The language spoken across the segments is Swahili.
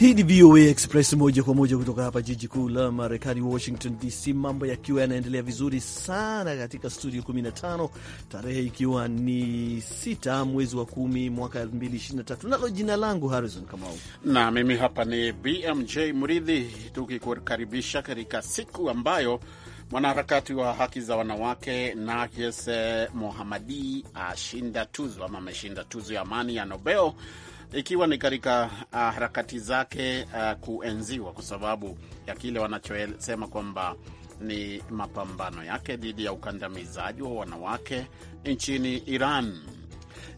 Hii ni VOA Express moja kwa moja kutoka hapa jiji kuu la Marekani, Washington DC, mambo yakiwa yanaendelea vizuri sana katika studio 15, tarehe ikiwa ni 6 mwezi wa kumi mwaka 2023, nalo jina langu Harrison Kamau na mimi hapa ni BMJ Mridhi, tukikukaribisha katika siku ambayo mwanaharakati wa haki za wanawake Narges mohamadi ashinda tuzo ama ameshinda tuzo ya amani ya Nobel ikiwa ni katika uh, harakati zake uh, kuenziwa kwa sababu ya kile wanachosema kwamba ni mapambano yake dhidi ya ukandamizaji wa wanawake nchini Iran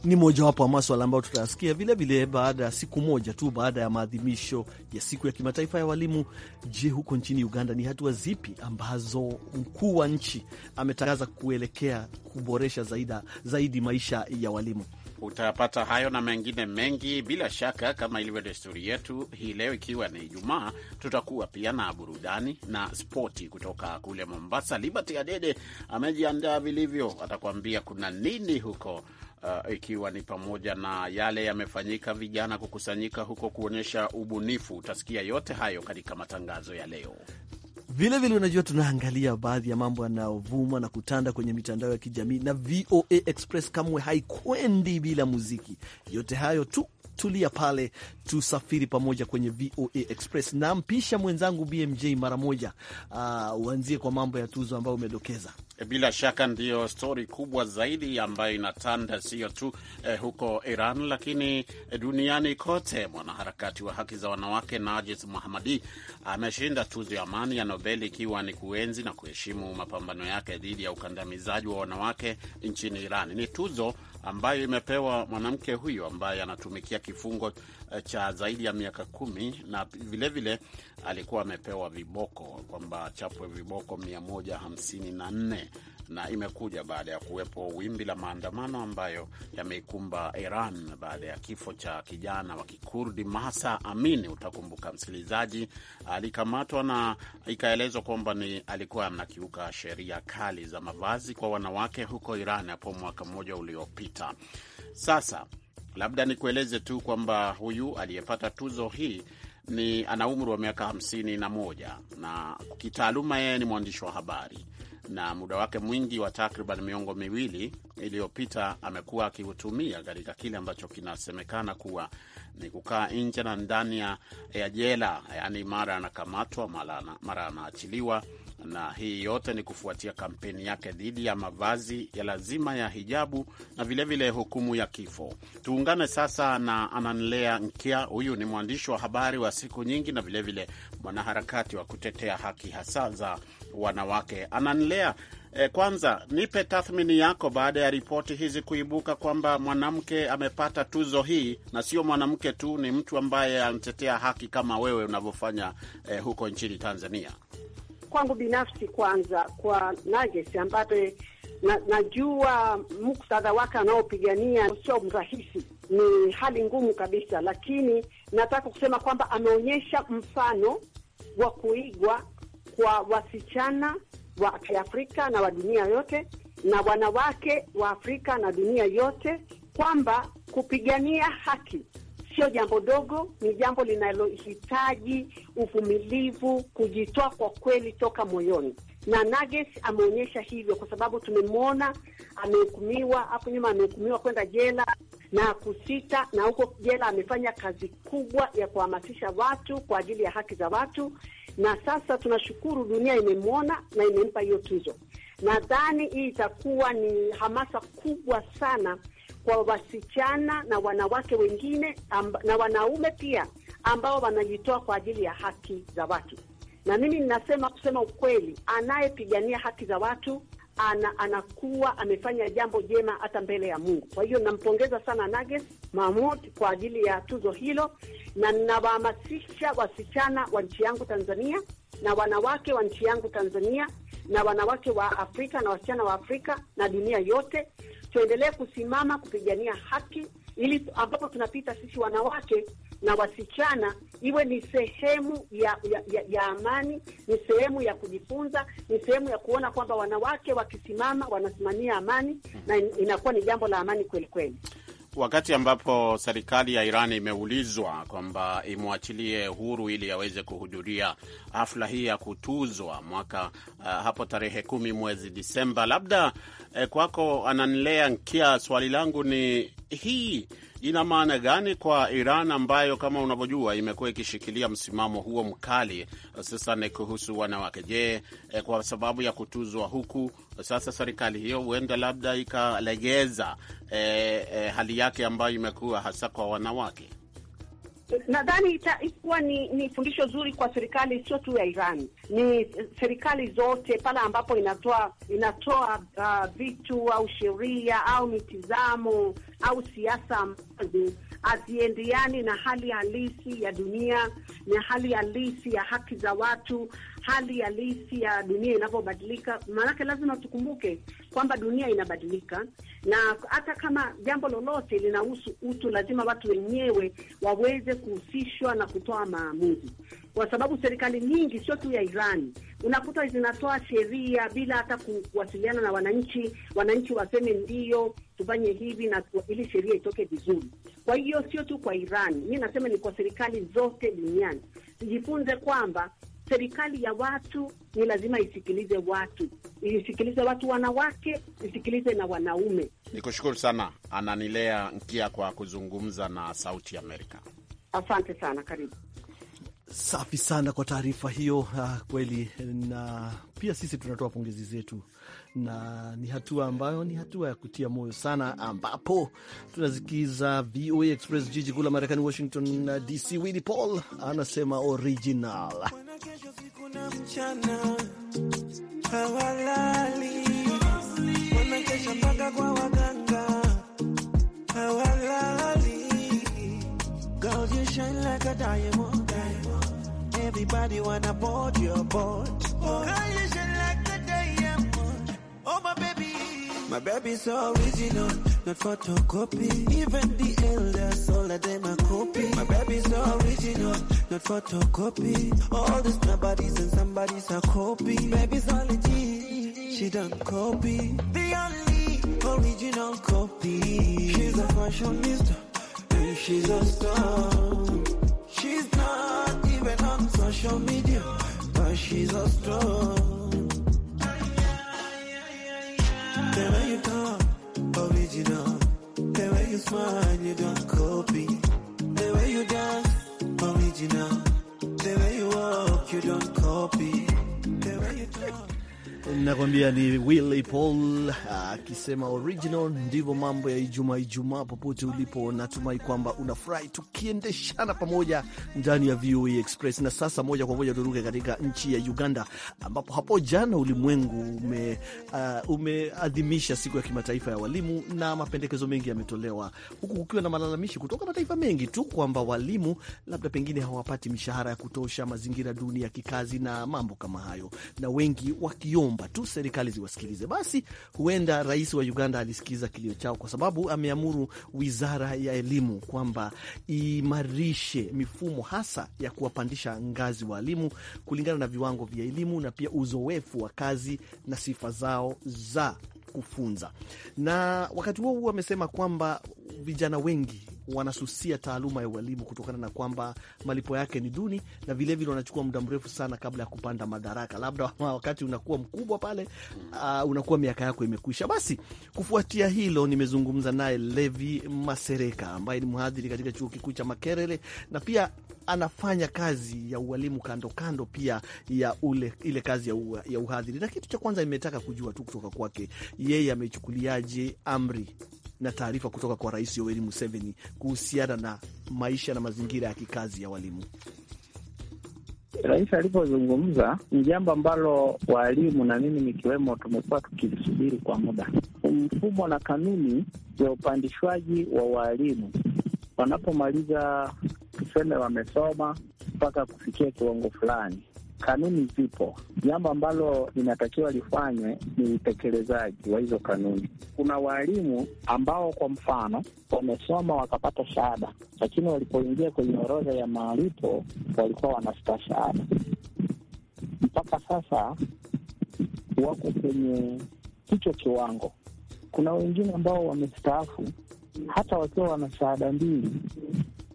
ni mojawapo wa maswala ambayo tutayasikia vilevile, baada ya siku moja tu baada ya maadhimisho ya siku ya kimataifa ya walimu. Je, huko nchini Uganda ni hatua zipi ambazo mkuu wa nchi ametangaza kuelekea kuboresha zaidi, zaidi maisha ya walimu? Utapata hayo na mengine mengi bila shaka, kama ilivyo desturi yetu. Hii leo ikiwa ni Ijumaa, tutakuwa pia na burudani na spoti kutoka kule Mombasa. Liberty Adede amejiandaa vilivyo, atakuambia kuna nini huko. Uh, ikiwa ni pamoja na yale yamefanyika vijana kukusanyika huko kuonyesha ubunifu. Utasikia yote hayo katika matangazo ya leo. Vilevile unajua, tunaangalia baadhi ya mambo yanayovuma na kutanda kwenye mitandao ya kijamii, na VOA Express kamwe haikwendi bila muziki. Yote hayo tu tulia pale, tusafiri pamoja kwenye VOA Express. Nampisha mwenzangu BMJ mara moja. Uh, uanzie kwa mambo ya tuzo ambayo umedokeza. Eh, bila shaka ndiyo stori kubwa zaidi ambayo inatanda sio tu eh, huko Iran lakini eh, duniani kote. Mwanaharakati wa haki za wanawake Najis Muhamadi ameshinda tuzo ya amani ya Nobel ikiwa ni kuenzi na kuheshimu mapambano yake dhidi ya ukandamizaji wa wanawake nchini Iran. Ni tuzo ambayo imepewa mwanamke huyo ambaye anatumikia kifungo eh, cha zaidi ya miaka kumi, na vilevile vile alikuwa amepewa viboko kwamba chapwe viboko 154 na imekuja baada ya kuwepo wimbi la maandamano ambayo yameikumba Iran baada ya kifo cha kijana wa Kikurdi Mahsa Amini. Utakumbuka msikilizaji, alikamatwa na ikaelezwa kwamba ni alikuwa anakiuka sheria kali za mavazi kwa wanawake huko Iran hapo mwaka mmoja uliopita. Sasa labda nikueleze tu kwamba huyu aliyepata tuzo hii ni ana umri wa miaka hamsini na moja na kitaaluma yeye ni mwandishi wa habari na muda wake mwingi wa takriban miongo miwili iliyopita amekuwa akiutumia katika kile ambacho kinasemekana kuwa ni kukaa nje na ndani ya jela, yaani mara anakamatwa mara anaachiliwa, na hii yote ni kufuatia kampeni yake dhidi ya mavazi ya lazima ya hijabu na vilevile vile hukumu ya kifo. Tuungane sasa na Ananlea Nkia, huyu ni mwandishi wa habari wa siku nyingi na vilevile mwanaharakati wa kutetea haki hasa za wanawake. Ananilea, eh, kwanza nipe tathmini yako baada ya ripoti hizi kuibuka kwamba mwanamke amepata tuzo hii, na sio mwanamke tu, ni mtu ambaye anatetea haki kama wewe unavyofanya eh, huko nchini Tanzania. Kwangu binafsi, kwanza kwa Najes ambaye na, najua muktadha wake anaopigania sio mrahisi, ni hali ngumu kabisa, lakini nataka kusema kwamba ameonyesha mfano wa kuigwa kwa wasichana wa Kiafrika na wa dunia yote na wanawake wa Afrika na dunia yote kwamba kupigania haki sio jambo dogo, ni jambo linalohitaji uvumilivu, kujitoa kwa kweli toka moyoni, na Nages ameonyesha hivyo, kwa sababu tumemwona amehukumiwa hapo nyuma, amehukumiwa kwenda jela, na kusita, na huko jela amefanya kazi kubwa ya kuhamasisha watu kwa ajili ya haki za watu, na sasa tunashukuru dunia imemwona na imempa hiyo tuzo. Nadhani hii itakuwa ni hamasa kubwa sana kwa wasichana na wanawake wengine amba, na wanaume pia ambao wanajitoa kwa ajili ya haki za watu. Na mimi ninasema, kusema ukweli, anayepigania haki za watu ana, anakuwa amefanya jambo jema hata mbele ya Mungu. Kwa hiyo nampongeza sana Nages Mahmud kwa ajili ya tuzo hilo, na ninawahamasisha wasichana wa nchi yangu Tanzania na wanawake wa nchi yangu Tanzania na wanawake wa Afrika na wasichana wa Afrika na dunia yote, tuendelee kusimama kupigania haki ili ambapo tunapita sisi wanawake na wasichana iwe ni sehemu ya, ya, ya, ya amani, ni sehemu ya kujifunza, ni sehemu ya kuona kwamba wanawake wakisimama wanasimamia amani, na inakuwa ni jambo la amani kweli kweli. Wakati ambapo serikali ya Iran imeulizwa kwamba imwachilie huru ili aweze kuhudhuria hafla hii ya kutuzwa mwaka uh, hapo tarehe kumi mwezi Disemba, labda eh, kwako Ananlea Nkia, swali langu ni hii ina maana gani kwa Iran ambayo kama unavyojua imekuwa ikishikilia msimamo huo mkali ni kuhusu wanawake? Je, eh, kwa sababu ya kutuzwa huku sasa serikali hiyo huenda labda ikalegeza eh, eh, hali yake ambayo imekuwa hasa kwa wanawake? Nadhani itakuwa ni, ni fundisho zuri kwa serikali sio tu ya Iran, ni eh, serikali zote pale ambapo inatoa inatoa uh, vitu au sheria au mitizamo au siasa ambazo haziendeani na hali halisi ya dunia na hali halisi ya haki za watu hali halisi ya dunia inavyobadilika. Maanake lazima tukumbuke kwamba dunia inabadilika, na hata kama jambo lolote linahusu utu, lazima watu wenyewe waweze kuhusishwa na kutoa maamuzi, kwa sababu serikali nyingi, sio tu ya Irani, unakuta zinatoa sheria bila hata kuwasiliana na wananchi, wananchi waseme ndiyo tufanye hivi na ili sheria itoke vizuri. Kwa hiyo sio tu kwa Irani, mi nasema ni kwa serikali zote duniani, tujifunze kwamba serikali ya watu ni lazima isikilize watu, isikilize watu wanawake, isikilize na wanaume. ni kushukuru sana Ananilea Nkia kwa kuzungumza na Sauti Amerika. Asante sana, karibu. Safi sana kwa taarifa hiyo. Uh, kweli na pia sisi tunatoa pongezi zetu, na ni hatua ambayo ni hatua ya kutia moyo sana, ambapo tunasikiza VOA Express, jiji kuu la Marekani, Washington DC. Willy Paul anasema original na mchana hawalali, wanakesha mpaka kwa waganga hawalali. Girl, you shine like a diamond. Everybody wanna board your boat. Girl, you shine like a diamond. Oh, my baby. My baby's original, not photocopy. Even the elders, all of them not photocopy. All this nobody's and somebody's a copy. Baby's only she don't copy. The only original copy. She's a fashionista and she's a star. She's not even on social media, but she's a star. The way you talk, original. The way you smile, you don't. Original, the way you walk, you don't copy. Nakwambia ni Willy Paul ah, akisema uh, original. Ndivyo mambo ya Ijumaa Ijumaa, popote ulipo, natumai kwamba unafurahi tukiendeshana pamoja ndani ya VOA e Express. Na sasa moja kwa moja turuke katika nchi ya Uganda, ambapo hapo jana ulimwengu ume, uh, umeadhimisha siku ya kimataifa ya walimu na mapendekezo mengi yametolewa, huku kukiwa na malalamishi kutoka mataifa mengi tu kwamba walimu labda pengine hawapati mishahara ya kutosha, mazingira duni ya kikazi na mambo kama hayo, na wengi wakiomba wanaomba tu serikali ziwasikilize. Basi huenda rais wa Uganda alisikiza kilio chao, kwa sababu ameamuru wizara ya elimu kwamba imarishe mifumo hasa ya kuwapandisha ngazi waalimu kulingana na viwango vya elimu na pia uzoefu wa kazi na sifa zao za kufunza. Na wakati huo huo amesema kwamba vijana wengi wanasusia taaluma ya ualimu kutokana na kwamba malipo yake ni duni, na vilevile wanachukua muda mrefu sana kabla ya kupanda madaraka. Labda wakati unakuwa mkubwa pale, uh, unakuwa miaka yako imekwisha. Basi kufuatia hilo, nimezungumza naye Levi Masereka ambaye ni mhadhiri katika chuo kikuu cha Makerere na pia anafanya kazi ya ualimu kando kando pia ya ule, ile kazi ya, ya uhadhiri. Na kitu cha kwanza imetaka kujua tu kutoka kwake yeye amechukuliaje amri na taarifa kutoka kwa Rais Yoweri Museveni kuhusiana na maisha na mazingira ya kikazi ya walimu. Rais alivyozungumza ni jambo ambalo waalimu na mimi nikiwemo tumekuwa tukilisubiri kwa muda. Mfumo na kanuni ya upandishwaji wa waalimu wanapomaliza tuseme wamesoma mpaka kufikia kiwango fulani, Kanuni zipo, jambo ambalo linatakiwa lifanywe ni utekelezaji wa hizo kanuni. Kuna waalimu ambao kwa mfano wamesoma wakapata shahada, lakini walipoingia kwenye orodha ya malipo walikuwa shahada Mpaka sasa wako kwenye hicho kiwango. Kuna wengine ambao wamestaafu hata wakiwa wana shahada mbili,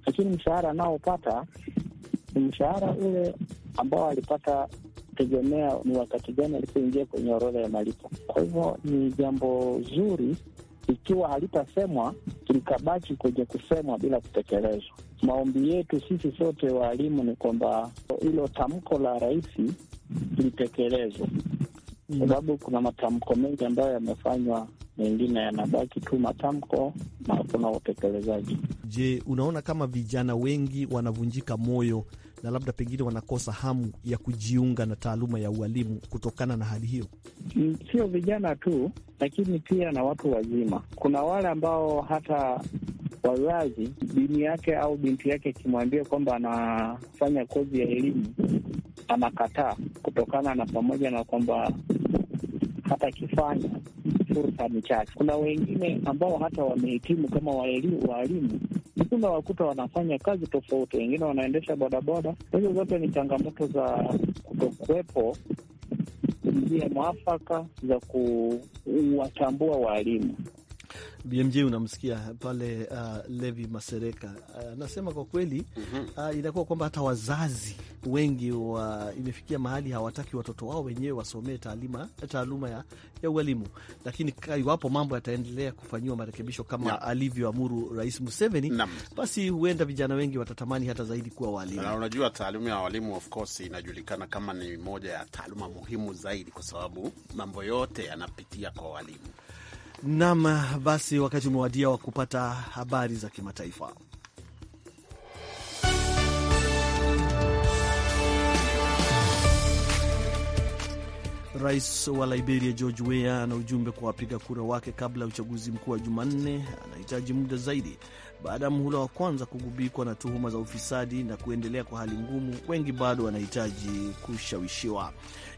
lakini mshahara anaopata mshahara ule ambao alipata tegemea ni wakati gani alipoingia kwenye orodha ya malipo. Kwa hivyo ni jambo zuri ikiwa halitasemwa likabaki kwenye kusemwa bila kutekelezwa. Maombi yetu sisi sote waalimu ni kwamba hilo tamko la rais litekelezwe, sababu kuna matamko mengi ambayo yamefanywa, mengine yanabaki tu matamko na hakuna utekelezaji. Je, unaona kama vijana wengi wanavunjika moyo na labda pengine wanakosa hamu ya kujiunga na taaluma ya ualimu kutokana na hali hiyo? Mm, sio vijana tu, lakini pia na watu wazima. Kuna wale ambao hata wazazi, dini yake au binti yake akimwambia kwamba anafanya kozi ya elimu anakataa, kutokana na pamoja na kwamba hata akifanya fursa ni chache. Kuna wengine ambao hata wamehitimu kama waalimu mtuna wakuta wanafanya kazi tofauti, wengine wanaendesha bodaboda. Hizo zote ni changamoto za kutokuwepo njia mwafaka za kuwatambua waalimu. BMJ unamsikia pale uh, Levi Masereka uh, anasema uh, kwa kweli mhm. uh, inakuwa kwamba hata wazazi wengi wa, imefikia mahali hawataki watoto wao wenyewe wasomee taaluma ya, ya ualimu, lakini iwapo mambo yataendelea kufanyiwa marekebisho kama alivyoamuru Rais Museveni Nam. basi huenda vijana wengi watatamani hata zaidi kuwa waalimu. Na unajua taaluma ya walimu of course inajulikana kama ni moja ya taaluma muhimu zaidi, kwa sababu mambo yote yanapitia kwa walimu. Nam, basi wakati umewadia wa kupata habari za kimataifa. Rais wa Liberia George Weah ana ujumbe kwa wapiga kura wake kabla ya uchaguzi mkuu wa Jumanne. Anahitaji muda zaidi baada ya muhula wa kwanza kugubikwa na tuhuma za ufisadi na kuendelea kwa hali ngumu, wengi bado wanahitaji kushawishiwa.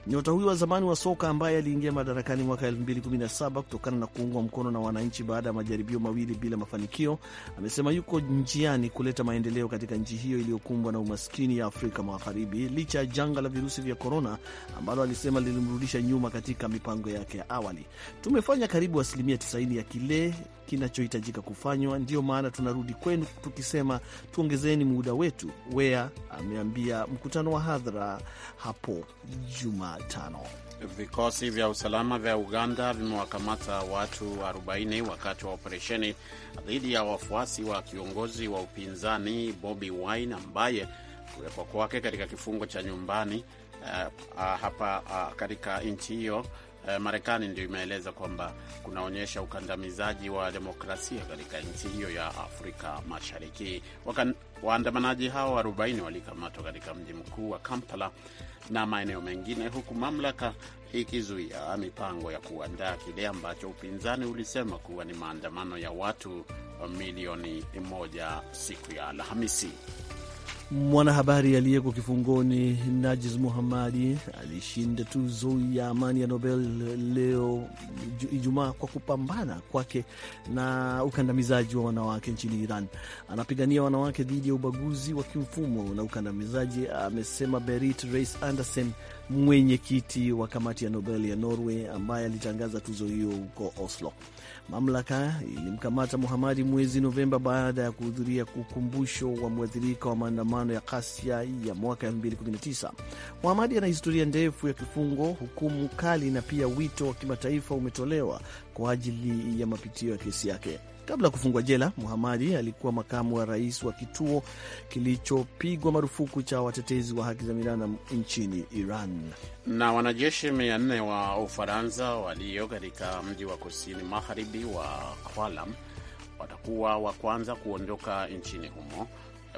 Nyota huyo wa zamani wa soka ambaye aliingia madarakani mwaka 2017 kutokana na kuungwa mkono na wananchi baada ya majaribio mawili bila mafanikio, amesema yuko njiani kuleta maendeleo katika nchi hiyo iliyokumbwa na umaskini ya Afrika Magharibi, licha ya janga la virusi vya korona ambalo alisema lilimrudisha nyuma katika mipango yake ya awali. Tumefanya karibu asilimia 90 ya kile kinachohitajika kufanywa, ndiyo maana tuna tunarudi kwenu tukisema tuongezeni muda wetu, Wea ameambia mkutano wa hadhara hapo Jumatano. Vikosi vya usalama vya Uganda vimewakamata watu 40 wakati wa operesheni dhidi ya wafuasi wa kiongozi wa upinzani Bobi Wine ambaye kuwekwa kwake katika kifungo cha nyumbani uh, uh, hapa uh, katika nchi hiyo eh, Marekani ndio imeeleza kwamba kunaonyesha ukandamizaji wa demokrasia katika nchi hiyo ya Afrika Mashariki. Wakan, waandamanaji hao 40 walikamatwa katika mji mkuu wa Kampala na maeneo mengine, huku mamlaka ikizuia mipango ya kuandaa kile ambacho upinzani ulisema kuwa ni maandamano ya watu milioni moja siku ya Alhamisi. Mwanahabari aliyeko kifungoni Najis Muhammadi alishinda tuzo ya amani ya Nobel leo Ijumaa kwa kupambana kwake na ukandamizaji wa wanawake nchini Iran. Anapigania wanawake dhidi ya ubaguzi wa kimfumo na ukandamizaji, amesema Berit Reis Anderson mwenyekiti wa kamati ya Nobel ya Norway ambaye alitangaza tuzo hiyo huko Oslo. Mamlaka ilimkamata Muhamadi mwezi Novemba baada ya kuhudhuria ukumbusho wa mwathirika wa maandamano ya ghasia ya mwaka 2019. Muhamadi ana historia ndefu ya kifungo, hukumu kali, na pia wito wa kimataifa umetolewa kwa ajili ya mapitio ya kesi yake. Kabla ya kufungwa jela, Muhamadi alikuwa makamu wa rais wa kituo kilichopigwa marufuku cha watetezi wa haki za binadamu nchini Iran. Na wanajeshi mia nne wa Ufaransa walio katika mji wa kusini magharibi wa Kwalam watakuwa wa kwanza kuondoka nchini humo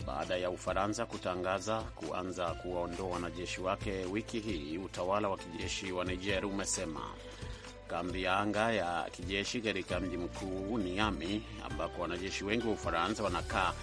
baada ya Ufaransa kutangaza kuanza kuwaondoa wanajeshi wake wiki hii, utawala wa kijeshi wa Niger umesema kambi ya anga ya kijeshi katika mji mkuu niami ambako wanajeshi wengi wa Ufaransa wanakaa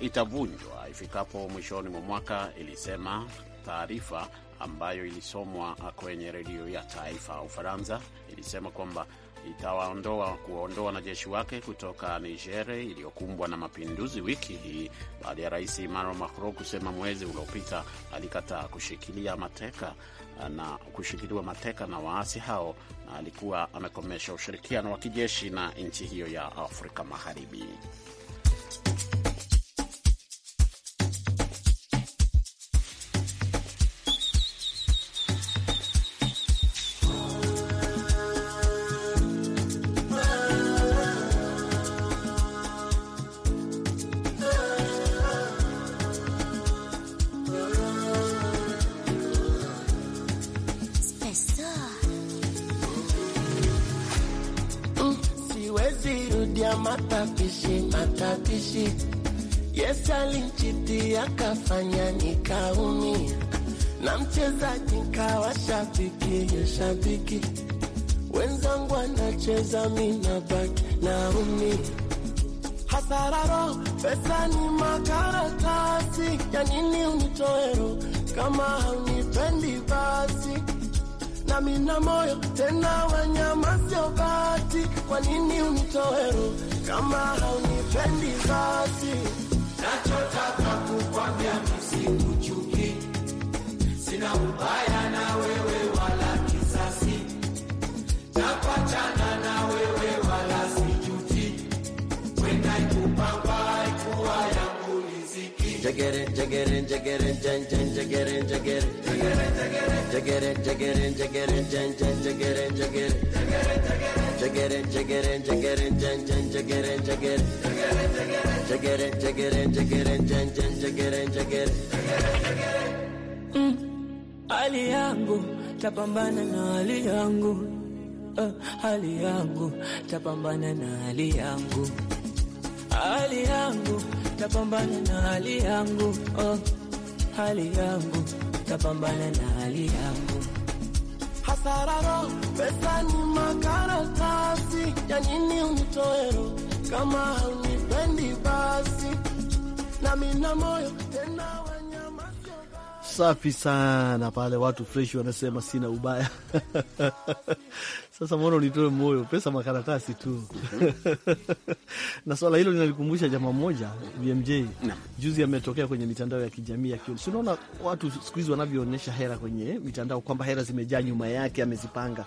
itavunjwa ifikapo mwishoni mwa mwaka, ilisema taarifa ambayo ilisomwa kwenye redio ya taifa. Ufaransa ilisema kwamba itawaondoa kuwaondoa wanajeshi wake kutoka Niger iliyokumbwa na mapinduzi wiki hii baada ya rais Emmanuel Macron kusema mwezi uliopita alikataa kushikilia mateka na kushikiliwa mateka na waasi hao na alikuwa amekomesha ushirikiano wa kijeshi na nchi hiyo ya Afrika Magharibi. hasararo pesa ni makaratasi ya nini unitoero kama haunipendi basi na na moyo tena wanyama sio bati kwa nini unitoero kama haunipendi basi nachotaka kukwambia msikuchuki sina ubaya na wewe Take it in, take it in, take it in, ten, ten, take it in, take it in. Take it in, take it in, take it in, ten, ten, take it in, take it in. Take it in, take it in, take it in, ten, ten, take it in, take it in. Take it in, take it in, take it in, ten, ten, take it in, take it in. Hali yangu tapambana na hali yangu, hali yangu tapambana na hali yangu. hali yangu tapambana na hali yangu oh, hali yangu tapambana na hali yangu hasararo pesa ni makaratasi ya nini unitoero kama unipendi basi na mina moyo Safi sana pale, watu fresh wanasema sina ubaya. Sasa mbona unitoe moyo? Pesa makaratasi tu. na swala hilo linalikumbusha jamaa moja BMJ na juzi ametokea kwenye mitandao ya kijamii akiona, si unaona watu siku hizi wanavyoonyesha hera kwenye mitandao kwamba hera zimejaa nyuma yake, amezipanga,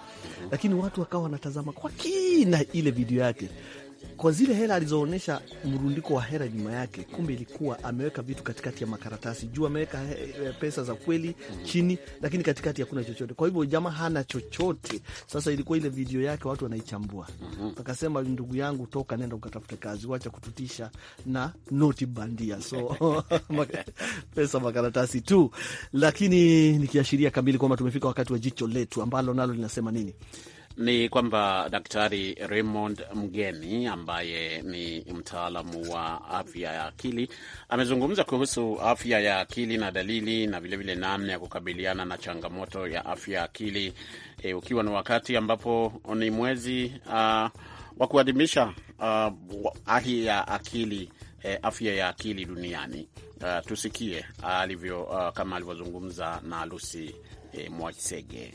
lakini watu wakawa wanatazama kwa kina ile video yake kwa zile hela alizoonyesha, mrundiko wa hela nyuma yake, kumbe ilikuwa ameweka vitu katikati ya makaratasi. Juu ameweka pesa za kweli chini, lakini katikati hakuna chochote. Kwa hivyo jamaa hana chochote. Sasa ilikuwa ile video yake watu wanaichambua, mhm. akasema ndugu yangu, toka nenda ukatafute kazi, wacha kututisha na noti bandia, so pesa makaratasi tu, lakini nikiashiria kamili kwamba tumefika wakati wa jicho letu ambalo nalo linasema nini? ni kwamba Daktari Raymond Mgeni ambaye ni mtaalamu wa afya ya akili amezungumza kuhusu afya ya akili na dalili na vilevile namna ya kukabiliana na changamoto ya afya ya akili e, ukiwa ni wakati ambapo ni mwezi uh, wa kuadhimisha afya ya akili e, afya ya akili duniani. Uh, tusikie alivyo uh, kama alivyozungumza na Lucy e, Mwaisege.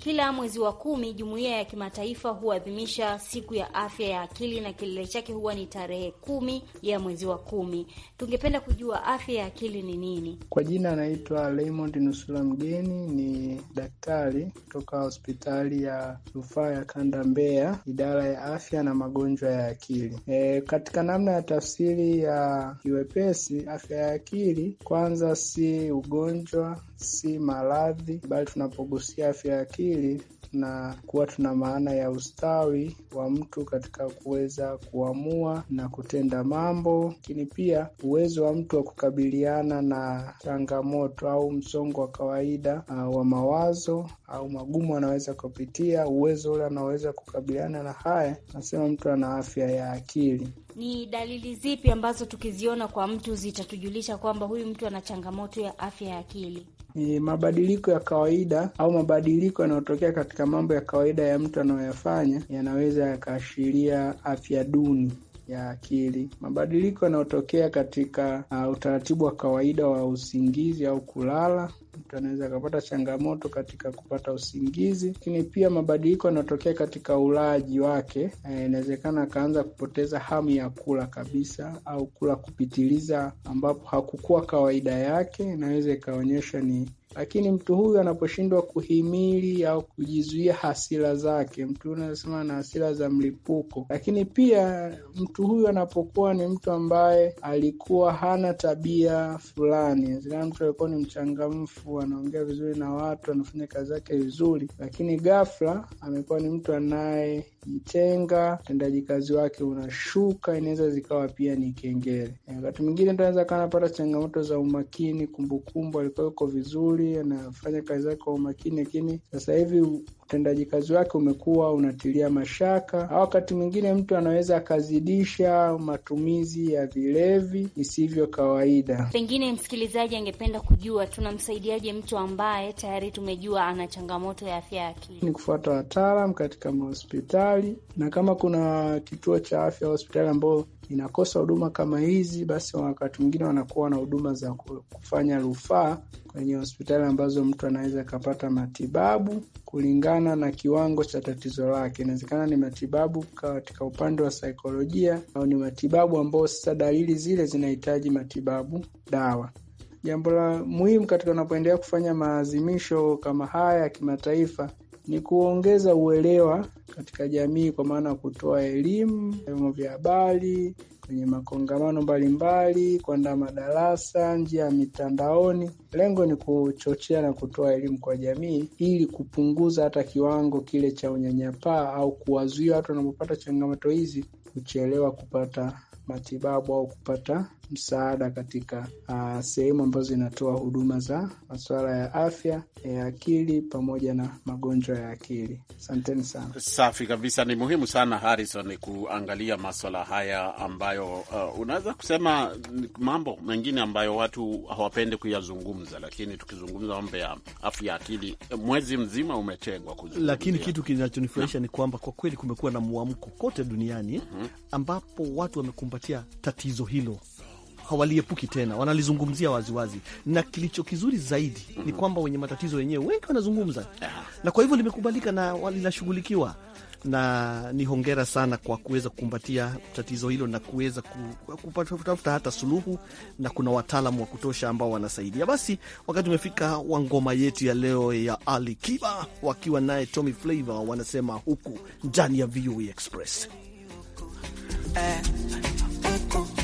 Kila mwezi wa kumi jumuiya ya kimataifa huadhimisha siku ya afya ya akili na kilele chake huwa ni tarehe kumi ya mwezi wa kumi. Tungependa kujua afya ya akili ni nini? Kwa jina anaitwa Raymond Nusula Mgeni, ni daktari kutoka hospitali ya rufaa ya kanda Mbeya, idara ya afya na magonjwa ya akili. E, katika namna ya tafsiri ya kiwepesi, afya ya akili kwanza si ugonjwa si maradhi, bali tunapogusia afya ya akili na kuwa tuna maana ya ustawi wa mtu katika kuweza kuamua na kutenda mambo, lakini pia uwezo wa mtu wa kukabiliana na changamoto au msongo wa kawaida uh, wa mawazo au magumu anaweza kupitia, uwezo ule anaweza kukabiliana na haya. Nasema mtu ana afya ya akili. Ni dalili zipi ambazo tukiziona kwa mtu zitatujulisha kwamba huyu mtu ana changamoto ya afya ya akili? ni mabadiliko ya kawaida au mabadiliko yanayotokea katika mambo ya kawaida ya mtu anayoyafanya yanaweza yakaashiria afya duni ya akili. Mabadiliko yanayotokea katika uh, utaratibu wa kawaida wa usingizi au kulala mtu anaweza akapata changamoto katika kupata usingizi, lakini pia mabadiliko yanayotokea katika ulaji wake. Eh, inawezekana eh, akaanza kupoteza hamu ya kula kabisa, au kula kupitiliza ambapo hakukuwa kawaida yake, inaweza ikaonyesha ni lakini mtu huyu anaposhindwa kuhimili au kujizuia hasira zake, mtu huyu anasema na hasira za mlipuko. Lakini pia mtu huyu anapokuwa ni mtu ambaye alikuwa hana tabia fulani, zilana mtu alikuwa ni mchangamfu, anaongea vizuri na watu, anafanya kazi zake vizuri, lakini ghafla amekuwa ni mtu anayejitenga, utendaji kazi wake unashuka, inaweza zikawa pia ni kengele. Wakati mwingine mtu anaweza kaa anapata changamoto za umakini, kumbukumbu, alikuwa yuko vizuri vizuri, anafanya kazi yake kwa umakini, lakini sasa hivi utendaji kazi wake umekuwa unatilia mashaka, au wakati mwingine mtu anaweza akazidisha matumizi ya vilevi isivyo kawaida. Pengine msikilizaji angependa kujua tunamsaidiaje mtu ambaye tayari tumejua ana changamoto ya afya ya akili? Ni kufuata wataalam katika mahospitali, na kama kuna kituo cha afya hospitali ambayo inakosa huduma kama hizi, basi wakati mwingine wanakuwa na huduma za kufanya rufaa kwenye hospitali ambazo mtu anaweza akapata matibabu kulingana na kiwango cha tatizo lake. Inawezekana ni matibabu katika upande wa saikolojia au ni matibabu ambayo sasa dalili zile zinahitaji matibabu dawa. Jambo la muhimu katika unapoendelea kufanya maazimisho kama haya ya kimataifa ni kuongeza uelewa katika jamii, kwa maana ya kutoa elimu, vyombo vya habari, kwenye makongamano mbalimbali, kuandaa madarasa, njia ya mitandaoni. Lengo ni kuchochea na kutoa elimu kwa jamii, ili kupunguza hata kiwango kile cha unyanyapaa au kuwazuia watu wanapopata changamoto hizi kuchelewa kupata matibabu au kupata msaada katika uh, sehemu ambazo zinatoa huduma za masuala ya afya ya akili pamoja na magonjwa ya akili. Asanteni sana. Safi kabisa, ni muhimu sana Harrison kuangalia maswala haya ambayo uh, unaweza kusema mambo mengine ambayo watu hawapendi kuyazungumza, lakini tukizungumza mambo ya afya ya akili mwezi mzima umetengwa kuzungumza. Lakini kitu kinachonifurahisha ni kwamba kwa kweli kumekuwa na mwamko kote duniani mhm. ambapo watu wamekumbatia tatizo hilo hawaliepuki tena, wanalizungumzia waziwazi, na kilicho kizuri zaidi mm -hmm. ni kwamba wenye matatizo wenyewe wengi wanazungumza, na kwa hivyo limekubalika na linashughulikiwa na ni hongera sana kwa kuweza kukumbatia tatizo hilo na kuweza kutafuta hata suluhu, na kuna wataalamu wa kutosha ambao wanasaidia. Basi wakati umefika wa ngoma yetu ya leo ya Ali Kiba wakiwa naye Tommy Flavor, wanasema huku ndani ya VOA e Express eh, oh, oh, oh.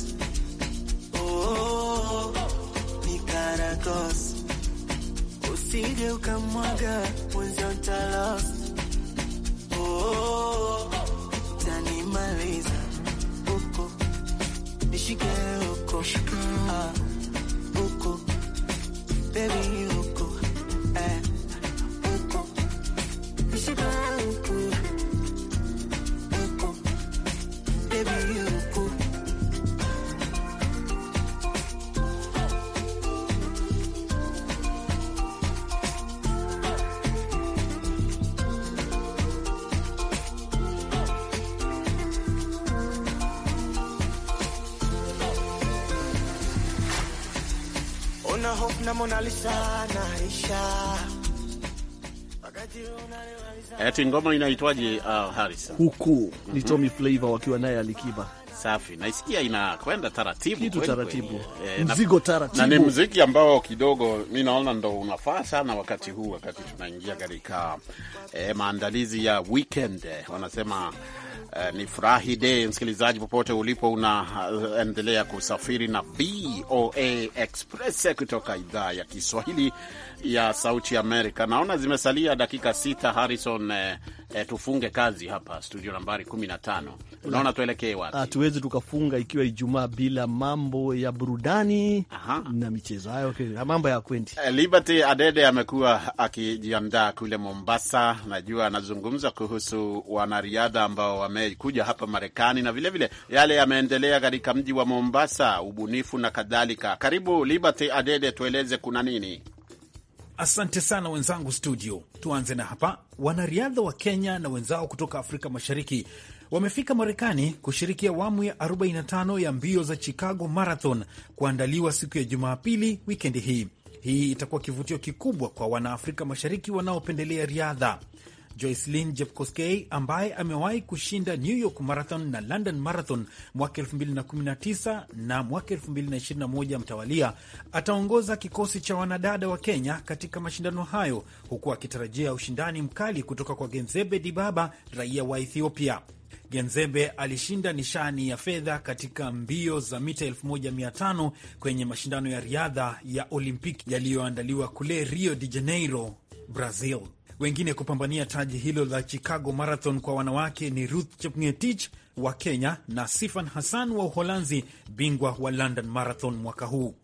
oh, nikarakosa usije ukamwaga mwenzio ntalosa tanimaliza huko nishike huko ah, huko bebi Eti ngoma inaitwaje? Uh, Harrison huku mm -hmm. Ni Tommy Flavor wakiwa naye Alikiba. Safi, naisikia inakwenda taratibu kitu taratibu, e, mzigo taratibu, na ni mziki ambao kidogo mi naona ndo unafaa sana wakati huu, wakati tunaingia katika e, maandalizi ya weekend wanasema Eh, ni furahi de msikilizaji, popote ulipo unaendelea kusafiri na VOA Express kutoka idhaa ya Kiswahili ya Sauti Amerika. Naona zimesalia dakika sita, Harrison eh, eh, tufunge kazi hapa studio nambari 15. Unaona tuelekee wapi? Hatuwezi ah, tukafunga ikiwa Ijumaa bila mambo ya burudani Aha. na michezo hayo, ah, okay. Ah, mambo ya kwendi eh, Liberty Adede amekuwa akijiandaa kule Mombasa, najua anazungumza kuhusu wanariadha ambao wame wamekuja hapa Marekani na vilevile vile, yale yameendelea katika mji wa Mombasa, ubunifu na kadhalika. Karibu Liberty Adede, tueleze kuna nini? Asante sana wenzangu studio. Tuanze na hapa, wanariadha wa Kenya na wenzao kutoka Afrika Mashariki wamefika Marekani kushiriki awamu ya 45 ya mbio za Chicago Marathon kuandaliwa siku ya Jumapili wikendi hii. Hii itakuwa kivutio kikubwa kwa Wanaafrika Mashariki wanaopendelea riadha. Joycelyn Jepkoskei ambaye amewahi kushinda New York Marathon na London Marathon mwaka 2019 na mwaka 2021 mtawalia, ataongoza kikosi cha wanadada wa Kenya katika mashindano hayo, huku akitarajia ushindani mkali kutoka kwa Genzebe Dibaba, raia wa Ethiopia. Genzebe alishinda nishani ya fedha katika mbio za mita 1500 kwenye mashindano ya riadha ya Olimpiki yaliyoandaliwa kule Rio de Janeiro, Brazil. Wengine kupambania taji hilo la Chicago Marathon kwa wanawake ni Ruth Chepngetich wa Kenya na Sifan Hassan wa Uholanzi, bingwa wa London Marathon mwaka huu.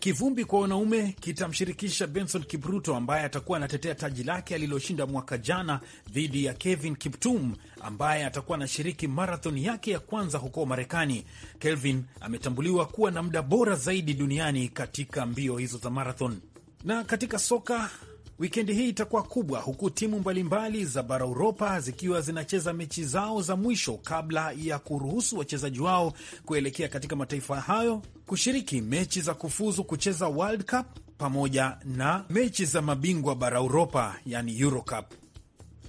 Kivumbi kwa wanaume kitamshirikisha Benson Kipruto ambaye atakuwa anatetea taji lake aliloshinda mwaka jana dhidi ya Kevin Kiptum ambaye atakuwa anashiriki marathon yake ya kwanza huko Marekani. Kelvin ametambuliwa kuwa na muda bora zaidi duniani katika mbio hizo za marathon. Na katika soka Wikendi hii itakuwa kubwa huku timu mbalimbali za bara Uropa zikiwa zinacheza mechi zao za mwisho kabla ya kuruhusu wachezaji wao kuelekea katika mataifa hayo kushiriki mechi za kufuzu kucheza World Cup pamoja na mechi za mabingwa bara Uropa, yani Euro Cup.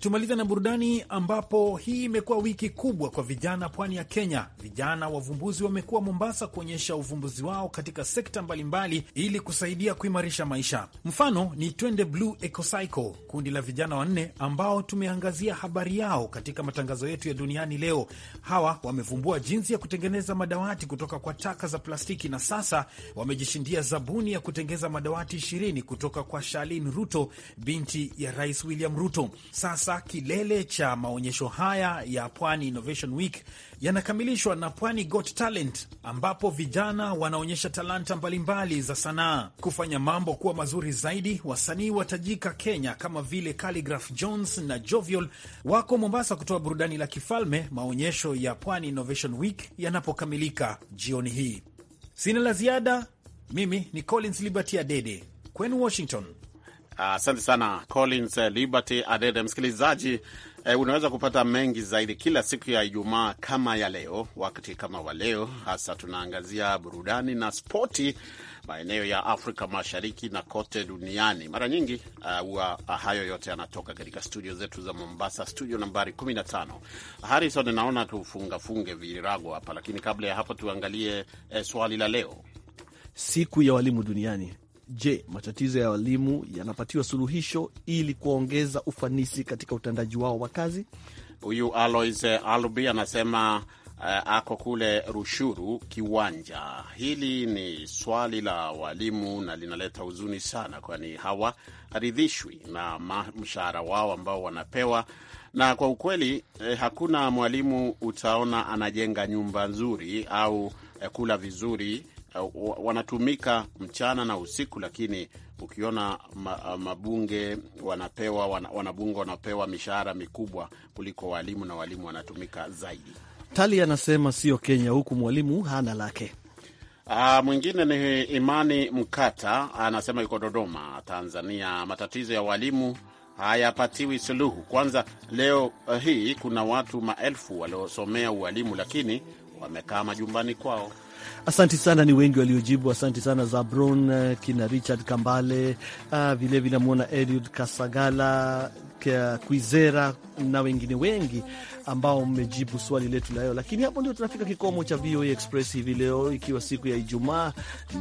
Tumaliza na burudani, ambapo hii imekuwa wiki kubwa kwa vijana pwani ya Kenya. Vijana wavumbuzi wamekuwa Mombasa kuonyesha uvumbuzi wao katika sekta mbalimbali ili kusaidia kuimarisha maisha. Mfano ni Twende Blue Ecocycle, kundi la vijana wanne ambao tumeangazia habari yao katika matangazo yetu ya duniani leo. Hawa wamevumbua jinsi ya kutengeneza madawati kutoka kwa taka za plastiki na sasa wamejishindia zabuni ya kutengeza madawati ishirini kutoka kwa Shalin Ruto, binti ya Rais William Ruto. Sasa sasa kilele cha maonyesho haya ya Pwani Innovation Week yanakamilishwa na Pwani Got Talent, ambapo vijana wanaonyesha talanta mbalimbali za sanaa. Kufanya mambo kuwa mazuri zaidi, wasanii watajika Kenya kama vile Khaligraph Jones na Jovial wako Mombasa kutoa burudani la kifalme, maonyesho ya Pwani Innovation Week yanapokamilika jioni hii. Sina la ziada. Mimi ni Collins Liberty Adede kwenu Washington. Asante uh, sana Collins uh, Liberty Adede. Msikilizaji uh, unaweza kupata mengi zaidi kila siku ya Ijumaa kama ya leo, wakati kama wa leo hasa tunaangazia burudani na spoti maeneo ya Afrika Mashariki na kote duniani. Mara nyingi eh, huwa uh, uh, hayo yote yanatoka katika studio zetu za Mombasa, studio nambari 15. Harrison, naona tufungafunge virago hapa, lakini kabla ya hapo tuangalie eh, swali la leo, siku ya walimu duniani Je, matatizo ya walimu yanapatiwa suluhisho ili kuongeza ufanisi katika utendaji wao wa kazi? Huyu Alois Albi anasema uh, ako kule Rushuru Kiwanja. Hili ni swali la walimu na linaleta huzuni sana, kwani hawa haridhishwi na mshahara wao ambao wanapewa na kwa ukweli eh, hakuna mwalimu utaona anajenga nyumba nzuri au eh, kula vizuri Eh, wanatumika mchana na usiku, lakini ukiona eh, mabunge wanapewa wanabunge wanapewa mishahara mikubwa kuliko walimu na walimu wanatumika zaidi. Tali anasema sio Kenya huku mwalimu hana lake. Uh, mwingine ni Imani Mkata anasema yuko Dodoma, Tanzania. Matatizo ya walimu hayapatiwi suluhu. Kwanza leo eh, hii kuna watu maelfu waliosomea ualimu, lakini wamekaa majumbani kwao. Asanti sana, ni wengi waliojibu. Asanti sana Zabron, eh, kina Richard Kambale, vilevile ah, uh, namwona Eliud Kasagala Kwizera na wengine wengi ambao mmejibu swali letu la leo. Lakini hapo ndio tunafika kikomo cha VOA Express hivi leo, ikiwa siku ya Ijumaa,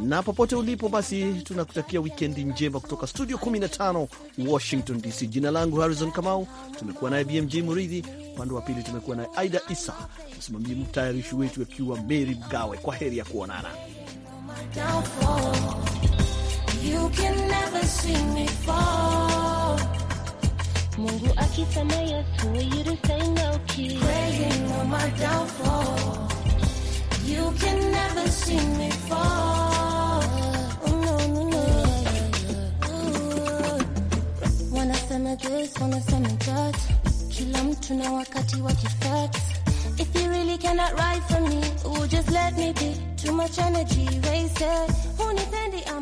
na popote ulipo, basi tunakutakia wikendi njema kutoka studio 15 Washington DC. Jina langu Harrison Kamau, tumekuwa naye BMJ Muridhi, upande wa pili tumekuwa naye Aida Isa, msimamizi mtayarishi wetu akiwa Mary Mgawe. Kwa heri ya kuonana. You can never see me fall. Mungu akisamehe for you to say no kid. Praying on my downfall. You can never see me fall. Oh, no, no, no. Wanasema this, to that. I cut you what you kifacts. If you really cannot ride for me, oh, just let me be. Too much energy, wasted. Who needs